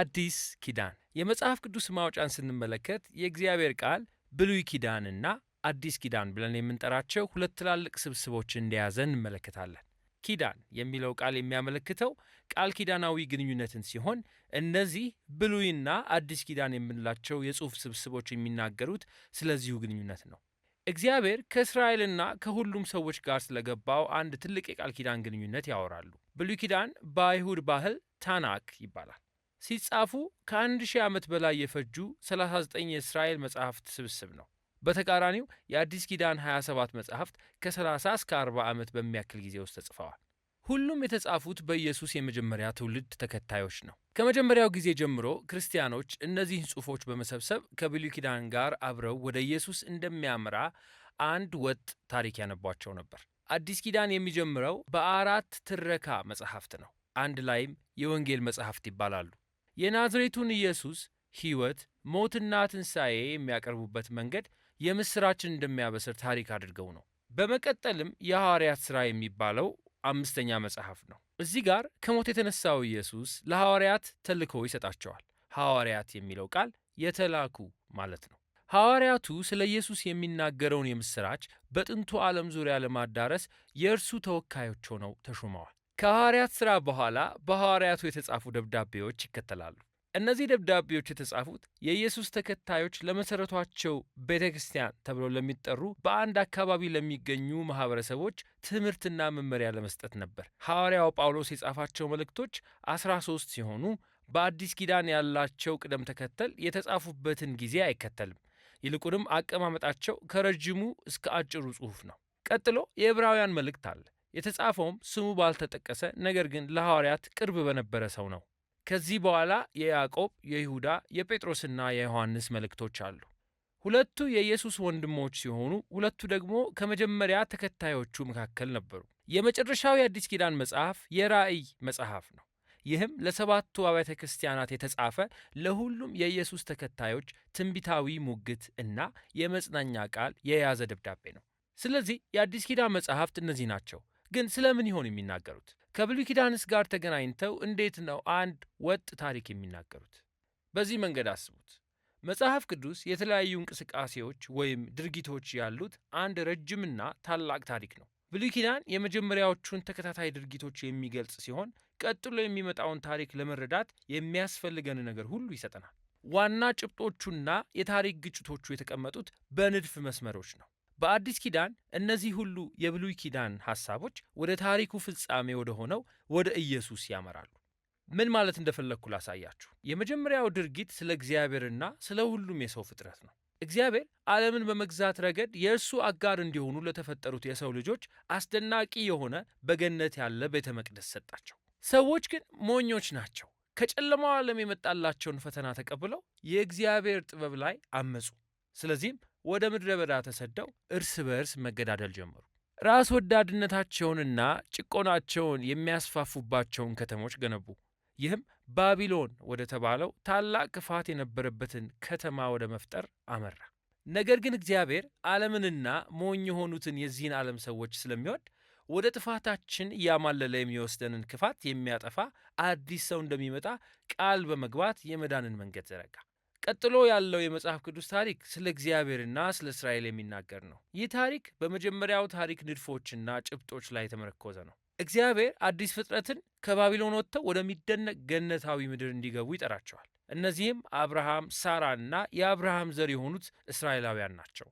አዲስ ኪዳን የመጽሐፍ ቅዱስ ማውጫን ስንመለከት የእግዚአብሔር ቃል ብሉይ ኪዳንና አዲስ ኪዳን ብለን የምንጠራቸው ሁለት ትላልቅ ስብስቦች እንደያዘ እንመለከታለን። ኪዳን የሚለው ቃል የሚያመለክተው ቃል ኪዳናዊ ግንኙነትን ሲሆን እነዚህ ብሉይና አዲስ ኪዳን የምንላቸው የጽሑፍ ስብስቦች የሚናገሩት ስለዚሁ ግንኙነት ነው። እግዚአብሔር ከእስራኤልና ከሁሉም ሰዎች ጋር ስለገባው አንድ ትልቅ የቃል ኪዳን ግንኙነት ያወራሉ። ብሉይ ኪዳን በአይሁድ ባህል ታናክ ይባላል። ሲጻፉ ከአንድ ሺህ ዓመት በላይ የፈጁ 39 የእስራኤል መጽሐፍት ስብስብ ነው። በተቃራኒው የአዲስ ኪዳን 27 መጽሐፍት ከ30 እስከ 40 ዓመት በሚያክል ጊዜ ውስጥ ተጽፈዋል። ሁሉም የተጻፉት በኢየሱስ የመጀመሪያ ትውልድ ተከታዮች ነው። ከመጀመሪያው ጊዜ ጀምሮ ክርስቲያኖች እነዚህን ጽሑፎች በመሰብሰብ ከብሉይ ኪዳን ጋር አብረው ወደ ኢየሱስ እንደሚያምራ አንድ ወጥ ታሪክ ያነቧቸው ነበር። አዲስ ኪዳን የሚጀምረው በአራት ትረካ መጽሐፍት ነው። አንድ ላይም የወንጌል መጽሐፍት ይባላሉ። የናዝሬቱን ኢየሱስ ሕይወት፣ ሞትና ትንሣኤ የሚያቀርቡበት መንገድ የምሥራችን እንደሚያበስር ታሪክ አድርገው ነው። በመቀጠልም የሐዋርያት ሥራ የሚባለው አምስተኛ መጽሐፍ ነው። እዚህ ጋር ከሞት የተነሳው ኢየሱስ ለሐዋርያት ተልእኮ ይሰጣቸዋል። ሐዋርያት የሚለው ቃል የተላኩ ማለት ነው። ሐዋርያቱ ስለ ኢየሱስ የሚናገረውን የምሥራች በጥንቱ ዓለም ዙሪያ ለማዳረስ የእርሱ ተወካዮች ሆነው ተሹመዋል። ከሐዋርያት ሥራ በኋላ በሐዋርያቱ የተጻፉ ደብዳቤዎች ይከተላሉ። እነዚህ ደብዳቤዎች የተጻፉት የኢየሱስ ተከታዮች ለመሠረቷቸው ቤተ ክርስቲያን ተብለው ለሚጠሩ በአንድ አካባቢ ለሚገኙ ማኅበረሰቦች ትምህርትና መመሪያ ለመስጠት ነበር። ሐዋርያው ጳውሎስ የጻፋቸው መልእክቶች ሦስት ሲሆኑ በአዲስ ኪዳን ያላቸው ቅደም ተከተል የተጻፉበትን ጊዜ አይከተልም። ይልቁንም አቀማመጣቸው ከረጅሙ እስከ አጭሩ ጽሑፍ ነው። ቀጥሎ የዕብራውያን መልእክት አለ። የተጻፈውም ስሙ ባልተጠቀሰ ነገር ግን ለሐዋርያት ቅርብ በነበረ ሰው ነው። ከዚህ በኋላ የያዕቆብ የይሁዳ የጴጥሮስና የዮሐንስ መልእክቶች አሉ። ሁለቱ የኢየሱስ ወንድሞች ሲሆኑ ሁለቱ ደግሞ ከመጀመሪያ ተከታዮቹ መካከል ነበሩ። የመጨረሻው የአዲስ ኪዳን መጽሐፍ የራእይ መጽሐፍ ነው። ይህም ለሰባቱ አብያተ ክርስቲያናት የተጻፈ ለሁሉም የኢየሱስ ተከታዮች ትንቢታዊ ሙግት እና የመጽናኛ ቃል የያዘ ደብዳቤ ነው። ስለዚህ የአዲስ ኪዳን መጽሐፍት እነዚህ ናቸው። ግን ስለምን ይሆን የሚናገሩት? ከብሉይ ኪዳንስ ጋር ተገናኝተው እንዴት ነው አንድ ወጥ ታሪክ የሚናገሩት? በዚህ መንገድ አስቡት። መጽሐፍ ቅዱስ የተለያዩ እንቅስቃሴዎች ወይም ድርጊቶች ያሉት አንድ ረጅምና ታላቅ ታሪክ ነው። ብሉይ ኪዳን የመጀመሪያዎቹን ተከታታይ ድርጊቶች የሚገልጽ ሲሆን ቀጥሎ የሚመጣውን ታሪክ ለመረዳት የሚያስፈልገን ነገር ሁሉ ይሰጠናል። ዋና ጭብጦቹና የታሪክ ግጭቶቹ የተቀመጡት በንድፍ መስመሮች ነው። በአዲስ ኪዳን እነዚህ ሁሉ የብሉይ ኪዳን ሐሳቦች ወደ ታሪኩ ፍጻሜ ወደ ሆነው ወደ ኢየሱስ ያመራሉ። ምን ማለት እንደፈለግኩ ላሳያችሁ። የመጀመሪያው ድርጊት ስለ እግዚአብሔርና ስለ ሁሉም የሰው ፍጥረት ነው። እግዚአብሔር ዓለምን በመግዛት ረገድ የእርሱ አጋር እንዲሆኑ ለተፈጠሩት የሰው ልጆች አስደናቂ የሆነ በገነት ያለ ቤተ መቅደስ ሰጣቸው። ሰዎች ግን ሞኞች ናቸው። ከጨለማው ዓለም የመጣላቸውን ፈተና ተቀብለው የእግዚአብሔር ጥበብ ላይ አመፁ። ስለዚህም ወደ ምድረ በዳ ተሰደው እርስ በእርስ መገዳደል ጀመሩ። ራስ ወዳድነታቸውንና ጭቆናቸውን የሚያስፋፉባቸውን ከተሞች ገነቡ። ይህም ባቢሎን ወደ ተባለው ታላቅ ክፋት የነበረበትን ከተማ ወደ መፍጠር አመራ። ነገር ግን እግዚአብሔር ዓለምንና ሞኝ የሆኑትን የዚህን ዓለም ሰዎች ስለሚወድ ወደ ጥፋታችን እያማለለ የሚወስደንን ክፋት የሚያጠፋ አዲስ ሰው እንደሚመጣ ቃል በመግባት የመዳንን መንገድ ዘረጋ። ቀጥሎ ያለው የመጽሐፍ ቅዱስ ታሪክ ስለ እግዚአብሔርና ስለ እስራኤል የሚናገር ነው። ይህ ታሪክ በመጀመሪያው ታሪክ ንድፎችና ጭብጦች ላይ የተመረኮዘ ነው። እግዚአብሔር አዲስ ፍጥረትን ከባቢሎን ወጥተው ወደሚደነቅ ገነታዊ ምድር እንዲገቡ ይጠራቸዋል። እነዚህም አብርሃም፣ ሳራ እና የአብርሃም ዘር የሆኑት እስራኤላውያን ናቸው።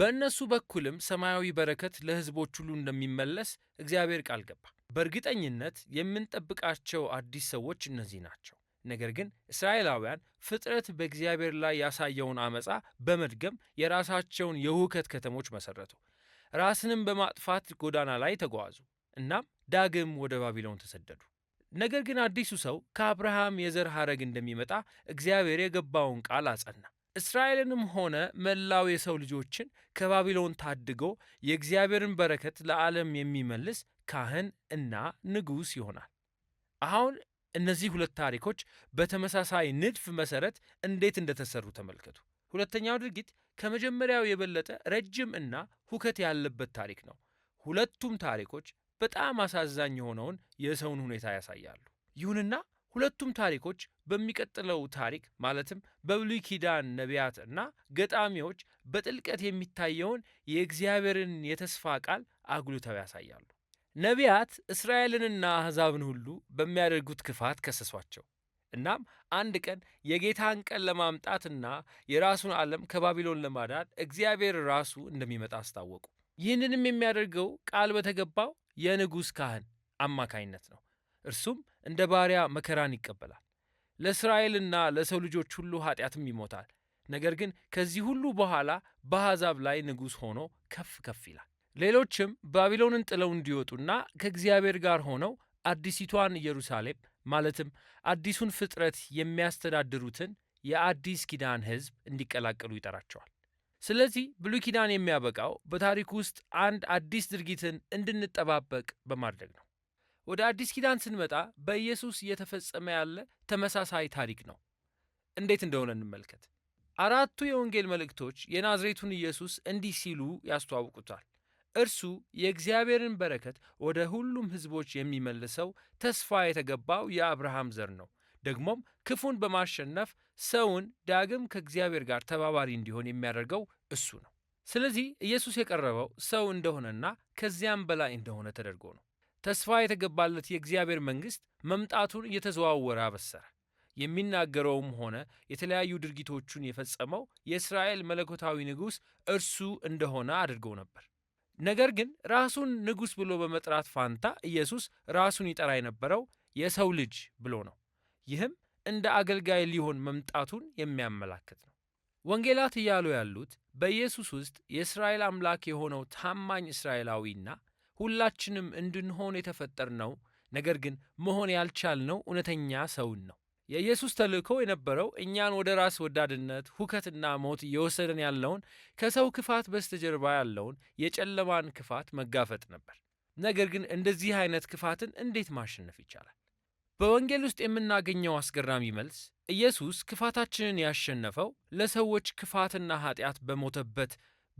በእነሱ በኩልም ሰማያዊ በረከት ለሕዝቦች ሁሉ እንደሚመለስ እግዚአብሔር ቃል ገባ። በእርግጠኝነት የምንጠብቃቸው አዲስ ሰዎች እነዚህ ናቸው። ነገር ግን እስራኤላውያን ፍጥረት በእግዚአብሔር ላይ ያሳየውን አመፃ በመድገም የራሳቸውን የውከት ከተሞች መሰረቱ፣ ራስንም በማጥፋት ጎዳና ላይ ተጓዙ። እናም ዳግም ወደ ባቢሎን ተሰደዱ። ነገር ግን አዲሱ ሰው ከአብርሃም የዘር ሐረግ እንደሚመጣ እግዚአብሔር የገባውን ቃል አጸና። እስራኤልንም ሆነ መላው የሰው ልጆችን ከባቢሎን ታድጎ የእግዚአብሔርን በረከት ለዓለም የሚመልስ ካህን እና ንጉሥ ይሆናል። አሁን እነዚህ ሁለት ታሪኮች በተመሳሳይ ንድፍ መሰረት እንዴት እንደተሰሩ ተመልከቱ። ሁለተኛው ድርጊት ከመጀመሪያው የበለጠ ረጅም እና ሁከት ያለበት ታሪክ ነው። ሁለቱም ታሪኮች በጣም አሳዛኝ የሆነውን የሰውን ሁኔታ ያሳያሉ። ይሁንና ሁለቱም ታሪኮች በሚቀጥለው ታሪክ ማለትም በብሉይ ኪዳን ነቢያት እና ገጣሚዎች በጥልቀት የሚታየውን የእግዚአብሔርን የተስፋ ቃል አጉልተው ያሳያሉ። ነቢያት እስራኤልንና አሕዛብን ሁሉ በሚያደርጉት ክፋት ከሰሷቸው። እናም አንድ ቀን የጌታን ቀን ለማምጣትና የራሱን ዓለም ከባቢሎን ለማዳን እግዚአብሔር ራሱ እንደሚመጣ አስታወቁ። ይህንንም የሚያደርገው ቃል በተገባው የንጉሥ ካህን አማካይነት ነው። እርሱም እንደ ባሪያ መከራን ይቀበላል። ለእስራኤልና ለሰው ልጆች ሁሉ ኃጢአትም ይሞታል። ነገር ግን ከዚህ ሁሉ በኋላ በአሕዛብ ላይ ንጉሥ ሆኖ ከፍ ከፍ ይላል። ሌሎችም ባቢሎንን ጥለው እንዲወጡና ከእግዚአብሔር ጋር ሆነው አዲሲቷን ኢየሩሳሌም ማለትም አዲሱን ፍጥረት የሚያስተዳድሩትን የአዲስ ኪዳን ሕዝብ እንዲቀላቀሉ ይጠራቸዋል። ስለዚህ ብሉይ ኪዳን የሚያበቃው በታሪክ ውስጥ አንድ አዲስ ድርጊትን እንድንጠባበቅ በማድረግ ነው። ወደ አዲስ ኪዳን ስንመጣ በኢየሱስ እየተፈጸመ ያለ ተመሳሳይ ታሪክ ነው። እንዴት እንደሆነ እንመልከት። አራቱ የወንጌል መልእክቶች የናዝሬቱን ኢየሱስ እንዲህ ሲሉ ያስተዋውቁታል። እርሱ የእግዚአብሔርን በረከት ወደ ሁሉም ሕዝቦች የሚመልሰው ተስፋ የተገባው የአብርሃም ዘር ነው። ደግሞም ክፉን በማሸነፍ ሰውን ዳግም ከእግዚአብሔር ጋር ተባባሪ እንዲሆን የሚያደርገው እሱ ነው። ስለዚህ ኢየሱስ የቀረበው ሰው እንደሆነና ከዚያም በላይ እንደሆነ ተደርጎ ነው። ተስፋ የተገባለት የእግዚአብሔር መንግሥት መምጣቱን እየተዘዋወረ አበሰረ። የሚናገረውም ሆነ የተለያዩ ድርጊቶቹን የፈጸመው የእስራኤል መለኮታዊ ንጉሥ እርሱ እንደሆነ አድርገው ነበር። ነገር ግን ራሱን ንጉሥ ብሎ በመጥራት ፋንታ ኢየሱስ ራሱን ይጠራ የነበረው የሰው ልጅ ብሎ ነው። ይህም እንደ አገልጋይ ሊሆን መምጣቱን የሚያመላክት ነው። ወንጌላት እያሉ ያሉት በኢየሱስ ውስጥ የእስራኤል አምላክ የሆነው ታማኝ እስራኤላዊና ሁላችንም እንድንሆን የተፈጠርነው ነገር ግን መሆን ያልቻልነው እውነተኛ ሰውን ነው። የኢየሱስ ተልእኮ የነበረው እኛን ወደ ራስ ወዳድነት ሁከትና ሞት እየወሰደን ያለውን ከሰው ክፋት በስተጀርባ ያለውን የጨለማን ክፋት መጋፈጥ ነበር። ነገር ግን እንደዚህ አይነት ክፋትን እንዴት ማሸነፍ ይቻላል? በወንጌል ውስጥ የምናገኘው አስገራሚ መልስ ኢየሱስ ክፋታችንን ያሸነፈው ለሰዎች ክፋትና ኃጢአት በሞተበት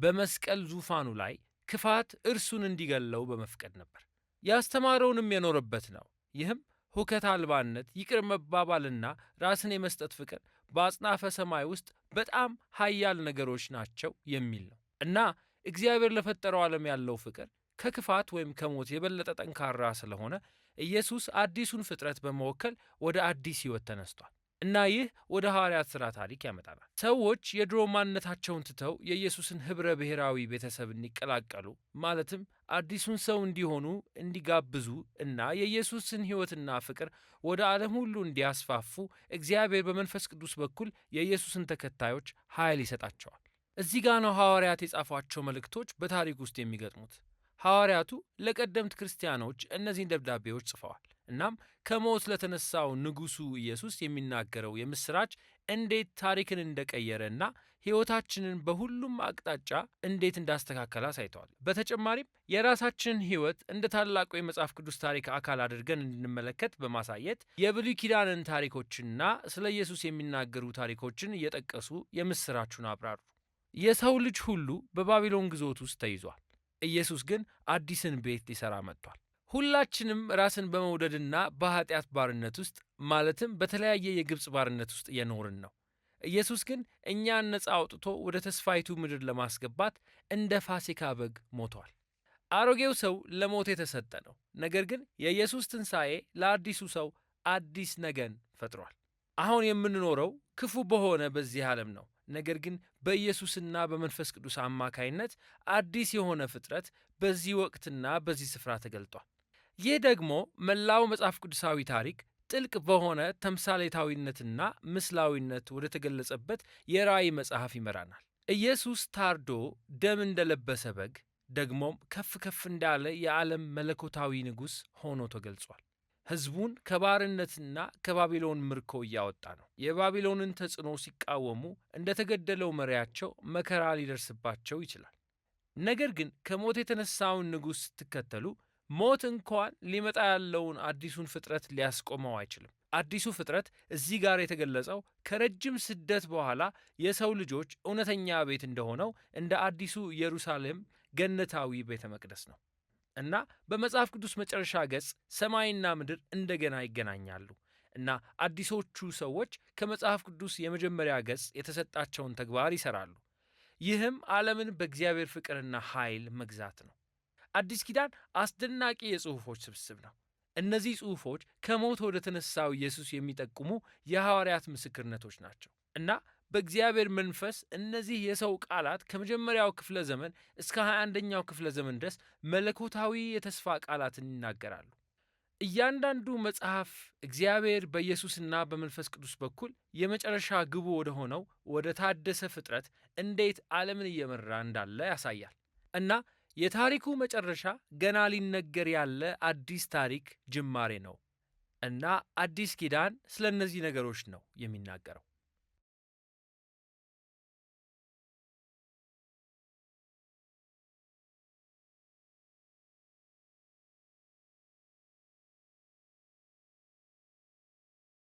በመስቀል ዙፋኑ ላይ ክፋት እርሱን እንዲገለው በመፍቀድ ነበር። ያስተማረውንም የኖረበት ነው። ይህም ሁከት አልባነት፣ ይቅር መባባልና ራስን የመስጠት ፍቅር በአጽናፈ ሰማይ ውስጥ በጣም ሀያል ነገሮች ናቸው የሚል ነው እና እግዚአብሔር ለፈጠረው ዓለም ያለው ፍቅር ከክፋት ወይም ከሞት የበለጠ ጠንካራ ስለሆነ ኢየሱስ አዲሱን ፍጥረት በመወከል ወደ አዲስ ሕይወት ተነስቷል። እና ይህ ወደ ሐዋርያት ሥራ ታሪክ ያመጣናል። ሰዎች የድሮ ማንነታቸውን ትተው የኢየሱስን ኅብረ ብሔራዊ ቤተሰብ እንዲቀላቀሉ ማለትም አዲሱን ሰው እንዲሆኑ እንዲጋብዙ እና የኢየሱስን ሕይወትና ፍቅር ወደ ዓለም ሁሉ እንዲያስፋፉ እግዚአብሔር በመንፈስ ቅዱስ በኩል የኢየሱስን ተከታዮች ኃይል ይሰጣቸዋል። እዚህ ጋ ነው ሐዋርያት የጻፏቸው መልእክቶች በታሪክ ውስጥ የሚገጥሙት። ሐዋርያቱ ለቀደምት ክርስቲያኖች እነዚህን ደብዳቤዎች ጽፈዋል። እናም ከሞት ለተነሳው ንጉሡ ኢየሱስ የሚናገረው የምሥራች እንዴት ታሪክን እንደቀየረና ሕይወታችንን በሁሉም አቅጣጫ እንዴት እንዳስተካከለ አሳይተዋል። በተጨማሪም የራሳችንን ሕይወት እንደ ታላቁ የመጽሐፍ ቅዱስ ታሪክ አካል አድርገን እንድንመለከት በማሳየት የብሉይ ኪዳንን ታሪኮችና ስለ ኢየሱስ የሚናገሩ ታሪኮችን እየጠቀሱ የምሥራቹን አብራሩ። የሰው ልጅ ሁሉ በባቢሎን ግዞት ውስጥ ተይዟል። ኢየሱስ ግን አዲስን ቤት ሊሠራ መጥቷል። ሁላችንም ራስን በመውደድና በኃጢአት ባርነት ውስጥ ማለትም በተለያየ የግብፅ ባርነት ውስጥ እየኖርን ነው። ኢየሱስ ግን እኛን ነፃ አውጥቶ ወደ ተስፋይቱ ምድር ለማስገባት እንደ ፋሲካ በግ ሞቷል። አሮጌው ሰው ለሞት የተሰጠ ነው። ነገር ግን የኢየሱስ ትንሣኤ ለአዲሱ ሰው አዲስ ነገን ፈጥሯል። አሁን የምንኖረው ክፉ በሆነ በዚህ ዓለም ነው። ነገር ግን በኢየሱስና በመንፈስ ቅዱስ አማካይነት አዲስ የሆነ ፍጥረት በዚህ ወቅትና በዚህ ስፍራ ተገልጧል። ይህ ደግሞ መላው መጽሐፍ ቅዱሳዊ ታሪክ ጥልቅ በሆነ ተምሳሌታዊነትና ምስላዊነት ወደ ተገለጸበት የራእይ መጽሐፍ ይመራናል። ኢየሱስ ታርዶ ደም እንደለበሰ በግ ደግሞም ከፍ ከፍ እንዳለ የዓለም መለኮታዊ ንጉሥ ሆኖ ተገልጿል። ሕዝቡን ከባርነትና ከባቢሎን ምርኮ እያወጣ ነው። የባቢሎንን ተጽዕኖ ሲቃወሙ እንደተገደለው መሪያቸው መከራ ሊደርስባቸው ይችላል። ነገር ግን ከሞት የተነሳውን ንጉሥ ስትከተሉ ሞት እንኳን ሊመጣ ያለውን አዲሱን ፍጥረት ሊያስቆመው አይችልም። አዲሱ ፍጥረት እዚህ ጋር የተገለጸው ከረጅም ስደት በኋላ የሰው ልጆች እውነተኛ ቤት እንደሆነው እንደ አዲሱ ኢየሩሳሌም ገነታዊ ቤተ መቅደስ ነው እና በመጽሐፍ ቅዱስ መጨረሻ ገጽ ሰማይና ምድር እንደገና ይገናኛሉ እና አዲሶቹ ሰዎች ከመጽሐፍ ቅዱስ የመጀመሪያ ገጽ የተሰጣቸውን ተግባር ይሰራሉ። ይህም ዓለምን በእግዚአብሔር ፍቅርና ኃይል መግዛት ነው። አዲስ ኪዳን አስደናቂ የጽሑፎች ስብስብ ነው። እነዚህ ጽሑፎች ከሞት ወደ ተነሳው ኢየሱስ የሚጠቁሙ የሐዋርያት ምስክርነቶች ናቸው እና በእግዚአብሔር መንፈስ እነዚህ የሰው ቃላት ከመጀመሪያው ክፍለ ዘመን እስከ 21ኛው ክፍለ ዘመን ድረስ መለኮታዊ የተስፋ ቃላትን ይናገራሉ። እያንዳንዱ መጽሐፍ እግዚአብሔር በኢየሱስና በመንፈስ ቅዱስ በኩል የመጨረሻ ግቡ ወደ ሆነው ወደ ታደሰ ፍጥረት እንዴት ዓለምን እየመራ እንዳለ ያሳያል እና የታሪኩ መጨረሻ ገና ሊነገር ያለ አዲስ ታሪክ ጅማሬ ነው እና አዲስ ኪዳን ስለ እነዚህ ነገሮች ነው የሚናገረው።